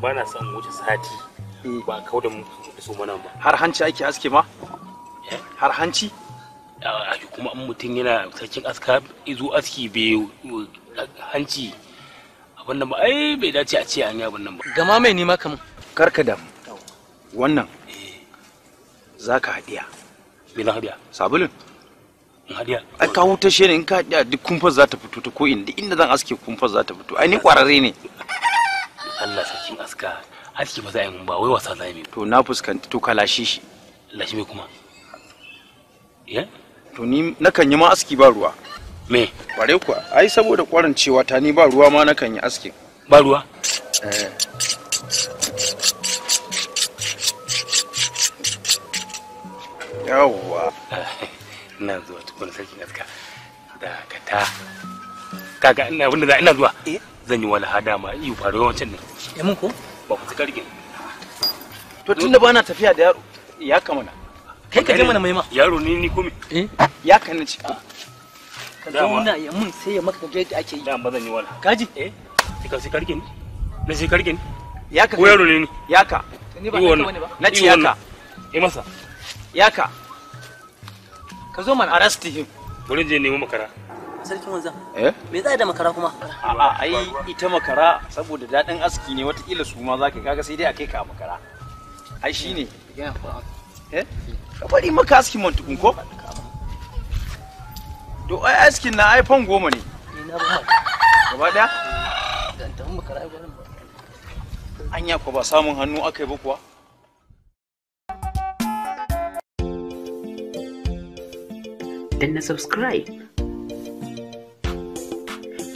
ba na son wuce sati hmm. ba kawo da su mana ba har hanci ake aske ma eh? har hanci a kuma an mutum yana sarkin aska izo aski bai hanci abin nan ba ai bai dace a ce an yi abin nan ba gama mai nema kaman karka da wannan eh. za ka haɗiya me na haɗiya sabulin hadiya ai ka wuta shi ne in ka haɗiya duk kumfar za ta fito ta ko inda inda zan aske kumfar za ta fito ai ni kwararre ne Allah sarkin aska aski ba za a yi ba wai wasa za a yi to na fuskanta to ka lashe shi lashe me kuma ya to ni kan yi ma aski ba ruwa me bare ku ai saboda kwarin cewa ta ni ba ruwa ma kan yi aski ba ruwa eh yawwa ina zuwa tukuna sarkin aska da kata kaga ina wanda ina zuwa eh? zan yi walaha ma iyo faru yawancin nan ya mun ko ba ku tsika rigin to tun da na tafiya da yaro ya kamana kai ka je mana mai ma yaro ni ni kome eh ya kana ci ka zo na ya mun sai ya maka ga yadda ake yi dan ba zan yi walaha kaji eh Ka sai karkin na sai karkin ka. ko yaro ne ni Ya ka. ni ba ne ba na ci ya ka. eh masa Ya ka Ka zo mana arrest him wurin je nemo makara sarkin wanzan eh? me za da makara kuma a'a ai ita makara saboda daɗin aski ne watakila su ma ka kaga sai dai a kai ka makara ai shine eh? ka bari maka askin man tukun ko to ai askin na iphone goma ne eh, gaba daya anya ko ba samun hannu aka yi ba kuwa Then subscribe